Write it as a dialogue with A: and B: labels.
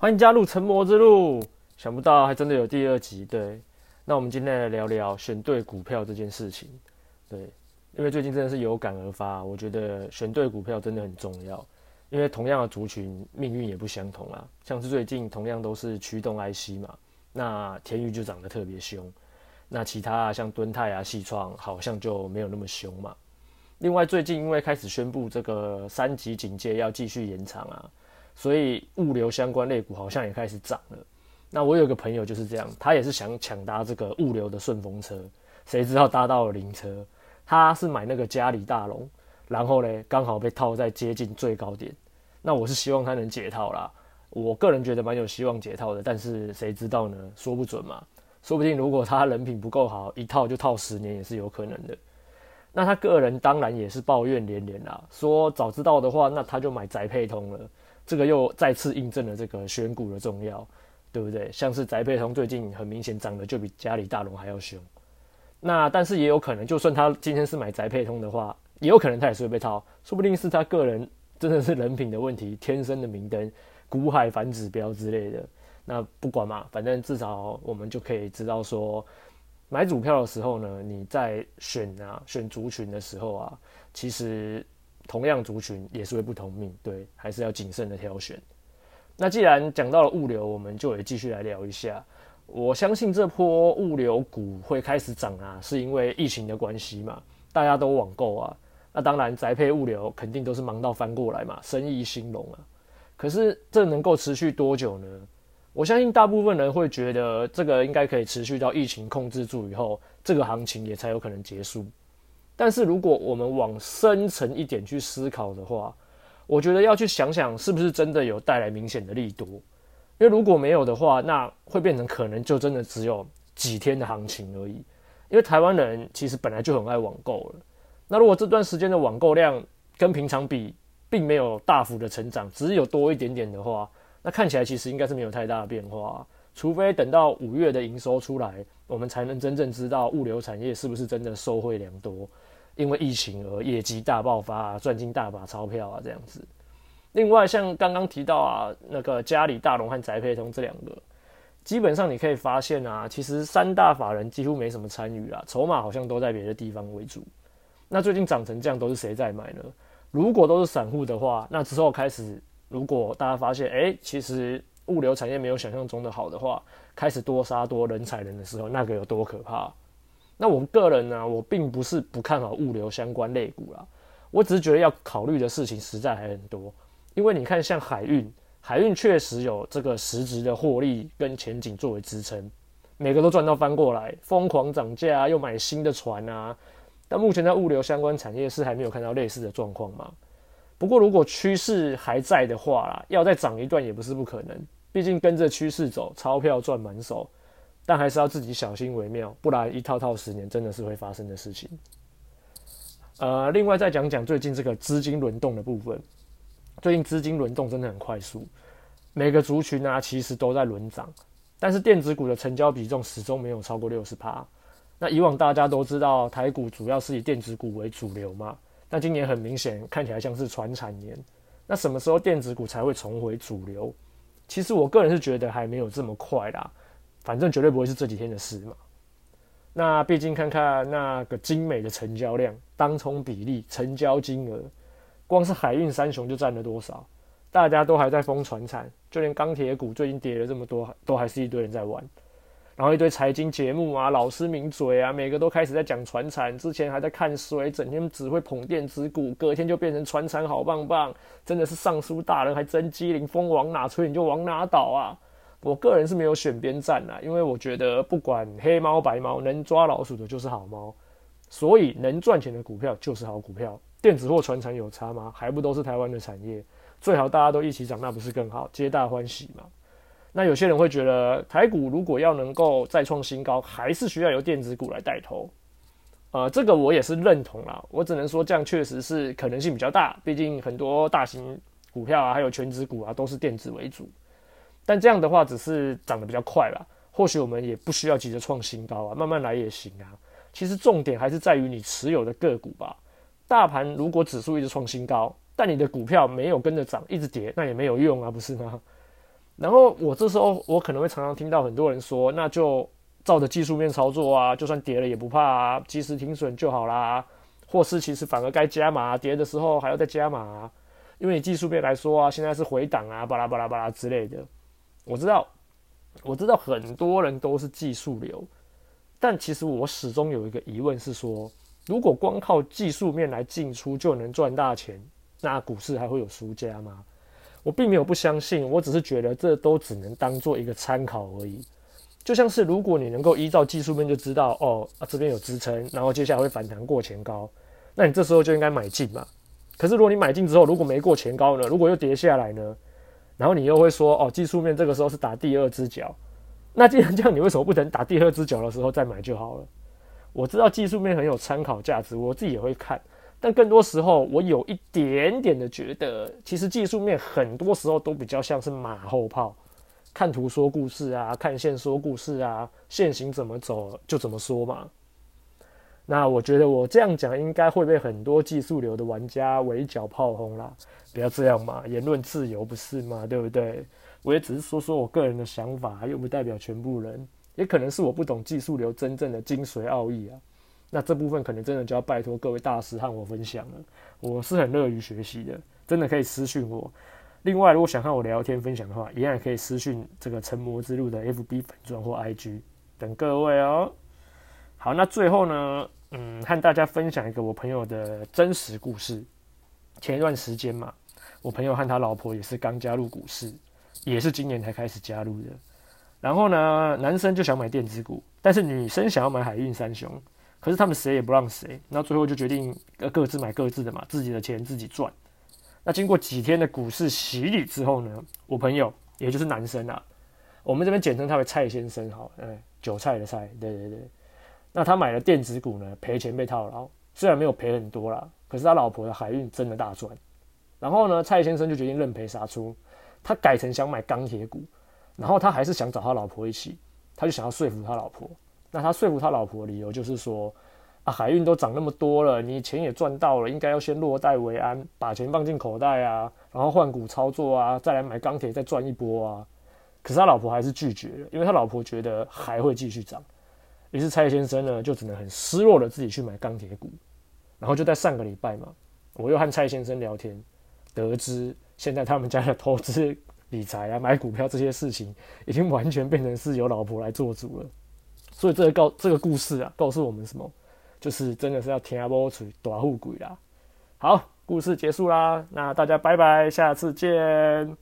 A: 歡迎加入成魔之路，想不到還真的有第二集。對，那我們今天來聊聊選對股票這件事情。對，因為最近真的是有感而發，我覺得選對股票真的很重要。因為同樣的族群，命運也不相同啊。像是最近同樣都是驅動 IC 嘛，那天鈺就漲得特別凶，那其他像敦泰啊、矽創好像就沒有那麼凶嘛。另外，最近因為開始宣布這個三級警戒要繼續延長啊。所以物流相關類股好像也開始漲了。那我有個朋友就是這樣，他也是想搶搭這個物流的順風車，誰知道搭到了靈車。他是買那個嘉里大榮，然後咧剛好被套在接近最高點。那我是希望他能解套啦，我個人覺得蠻有希望解套的，但是誰知道呢？說不準嘛，說不定如果他人品不夠好，一套就套十年也是有可能的。那他個人當然也是抱怨連連啦，說早知道的話，那他就買宅配通了。這個又再次印證了這個選股的重要，對不對？像是宅配通最近很明顯漲得就比嘉里大榮還要凶。那但是也有可能，就算他今天是買宅配通的話，也有可能他也是會被套。說不定是他個人真的是人品的問題，天生的明燈、股海反指標之類的。那不管嘛，反正至少我們就可以知道說，買股票的時候呢，你在選啊選族群的時候啊，其實。同樣族群也是會不同命，對，還是要謹慎的挑選。那既然講到了物流，我們就也繼續來聊一下。我相信這波物流股會開始漲啊，是因為疫情的關係嘛，大家都網購啊。那當然宅配物流肯定都是忙到翻過來嘛，生意興隆啊。可是這能夠持續多久呢？我相信大部分人會覺得這個應該可以持續到疫情控制住以後，這個行情也才有可能結束。但是如果我們往深層一點去思考的話，我覺得要去想想是不是真的有帶來明顯的利多，因為如果沒有的話，那會變成可能就真的只有幾天的行情而已。因為台灣人其實本來就很愛網購了，那如果這段時間的網購量跟平常比並沒有大幅的成長，只是有多一點點的話，那看起來其實應該是沒有太大的變化。除非等到五月的營收出來，我們才能真正知道物流產業是不是真的受惠良多。因為疫情而業績大爆發啊，賺進大把鈔票啊，這樣子。另外，像剛剛提到啊，那個嘉里大榮和宅配通這兩個，基本上你可以發現啊，其實三大法人幾乎沒什麼參與啊，籌碼好像都在別的地方為主。那最近漲成這樣，都是誰在買呢？如果都是散戶的話，那之後開始，如果大家發現，誒，其實物流產業沒有想象中的好的話，開始多殺多人踩人的時候，那個有多可怕？那我個人呢啊，我並不是不看好物流相關類股啦，我只是覺得要考慮的事情實在還很多。因為你看，像海運，海運確實有這個實質的獲利跟前景作為支撐，每個都賺到翻過來，瘋狂漲價啊，又買新的船啊。但目前在物流相關產業是還沒有看到類似的狀況嘛。不過如果趨勢還在的話啦，要再漲一段也不是不可能，畢竟跟着趨勢走，鈔票賺滿手。但還是要自己小心為妙，不然一套套十年真的是會發生的事情。呃，另外再講講最近這個資金輪動的部分，最近資金輪動真的很快速，每個族群啊其實都在輪漲，但是電子股的成交比重始終沒有超過六十趴。那以往大家都知道台股主要是以電子股為主流嘛，那今年很明顯看起來像是傳產年，那什麼時候電子股才會重回主流？其實我個人是覺得還沒有這麼快啦。反正絕對不會是這幾天的事嘛。那畢竟看看那個精美的成交量、當沖比例、成交金額，光是海運三雄就佔了多少？大家都還在瘋傳產，就連鋼鐵股最近跌了這麼多，都還是一堆人在玩。然後一堆財經節目啊、老師名嘴啊，每個都開始在講傳產。之前還在看衰，整天只會捧電子股，隔天就變成傳產好棒棒，真的是尚書大人還真機靈，風往哪吹你就往哪倒啊！我個人是沒有選邊站啦，因為我覺得不管黑貓白貓，能抓老鼠的就是好貓，所以能賺錢的股票就是好股票。電子或傳產有差嗎？還不都是台灣的產業？最好大家都一起漲，那不是更好，皆大歡喜嘛？那有些人會覺得，台股如果要能夠再創新高，還是需要由電子股來帶頭。呃，這個我也是認同啦，我只能說這樣確實是可能性比較大，畢竟很多大型股票啊，還有權值股啊，都是電子為主。但這樣的話只是漲得比較快啦。或許我們也不需要急着創新高啊，慢慢來也行啊。其實重點還是在於你持有的個股吧。大盤如果指數一直創新高，但你的股票沒有跟着漲，一直跌，那也沒有用啊，不是嗎？然後我這時候我可能會常常聽到很多人說，那就照着技術面操作啊，就算跌了也不怕啊，及時停損就好啦。或是其實反而該加碼啊，跌的時候還要再加碼啊，因為你技術面來說啊，現在是回檔啊，巴拉巴拉巴拉之類的。我知道，我知道很多人都是技術流，但其實我始終有一個疑問是說，如果光靠技術面來進出就能賺大錢，那股市還會有輸家嗎？我並沒有不相信，我只是覺得這都只能當做一個參考而已。就像是如果你能夠依照技術面就知道，哦，啊，這邊有支撐，然後接下來會反彈過前高，那你這時候就應該買進嘛。可是如果你買進之後，如果沒過前高呢？如果又跌下來呢？然後你又會說，哦，技術面這個時候是打第二隻腳，那既然這樣，你為什麼不等打第二隻腳的時候再買就好了？我知道技術面很有參考價值，我自己也會看，但更多時候我有一點點的覺得，其實技術面很多時候都比較像是馬後炮，看圖說故事啊，看線說故事啊，線形怎麼走就怎麼說嘛。那我覺得我這樣講應該會被很多技術流的玩家圍剿炮轟啦，不要這樣嘛，言論自由不是嗎？對不對？我也只是說說我個人的想法，又不代表全部人，也可能是我不懂技術流真正的精髓奧義啊。那這部分可能真的就要拜托各位大師和我分享了，我是很樂於學習的，真的可以私訊我。另外，如果想和我聊天分享的話，一樣可以私訊這個成魔之路的 FB 粉鑽或 IG 等各位哦。好，那最後呢，嗯，和大家分享一個我朋友的真實故事。前一段時間嘛，我朋友和他老婆也是剛加入股市，也是今年才開始加入的。然後呢，男生就想買電子股，但是女生想要買海運三雄，可是他們誰也不讓誰。那最後就決定各自買各自的嘛，自己的錢自己賺。那經過幾天的股市洗禮之後呢，我朋友也就是男生啊，我們這邊簡稱他為菜先生好，好，嗯，韭菜的菜，對對對。那他買了電子股呢，賠錢被套牢，雖然沒有賠很多啦，可是他老婆的海運真的大賺。然後呢，蔡先生就決定認賠殺出，他改成想買鋼鐵股，然後他還是想找他老婆一起，他就想要說服他老婆。那他說服他老婆的理由就是說，啊，海運都漲那麼多了，你錢也賺到了，應該要先落袋為安，把錢放進口袋啊，然後換股操作啊，再來買鋼鐵，再賺一波啊。可是他老婆還是拒絕了，因為他老婆覺得還會繼續漲。於是蔡先生呢，就只能很失落的自己去買鋼鐵股，然後就在上個禮拜嘛，我又和蔡先生聊天，得知現在他們家的投資理財啊、買股票這些事情，已經完全變成是由老婆來做主了。所以這個告這個故事啊，告訴我們什麼？就是真的是要聽某嘴大富貴啦。好，故事結束啦，那大家拜拜，下次見。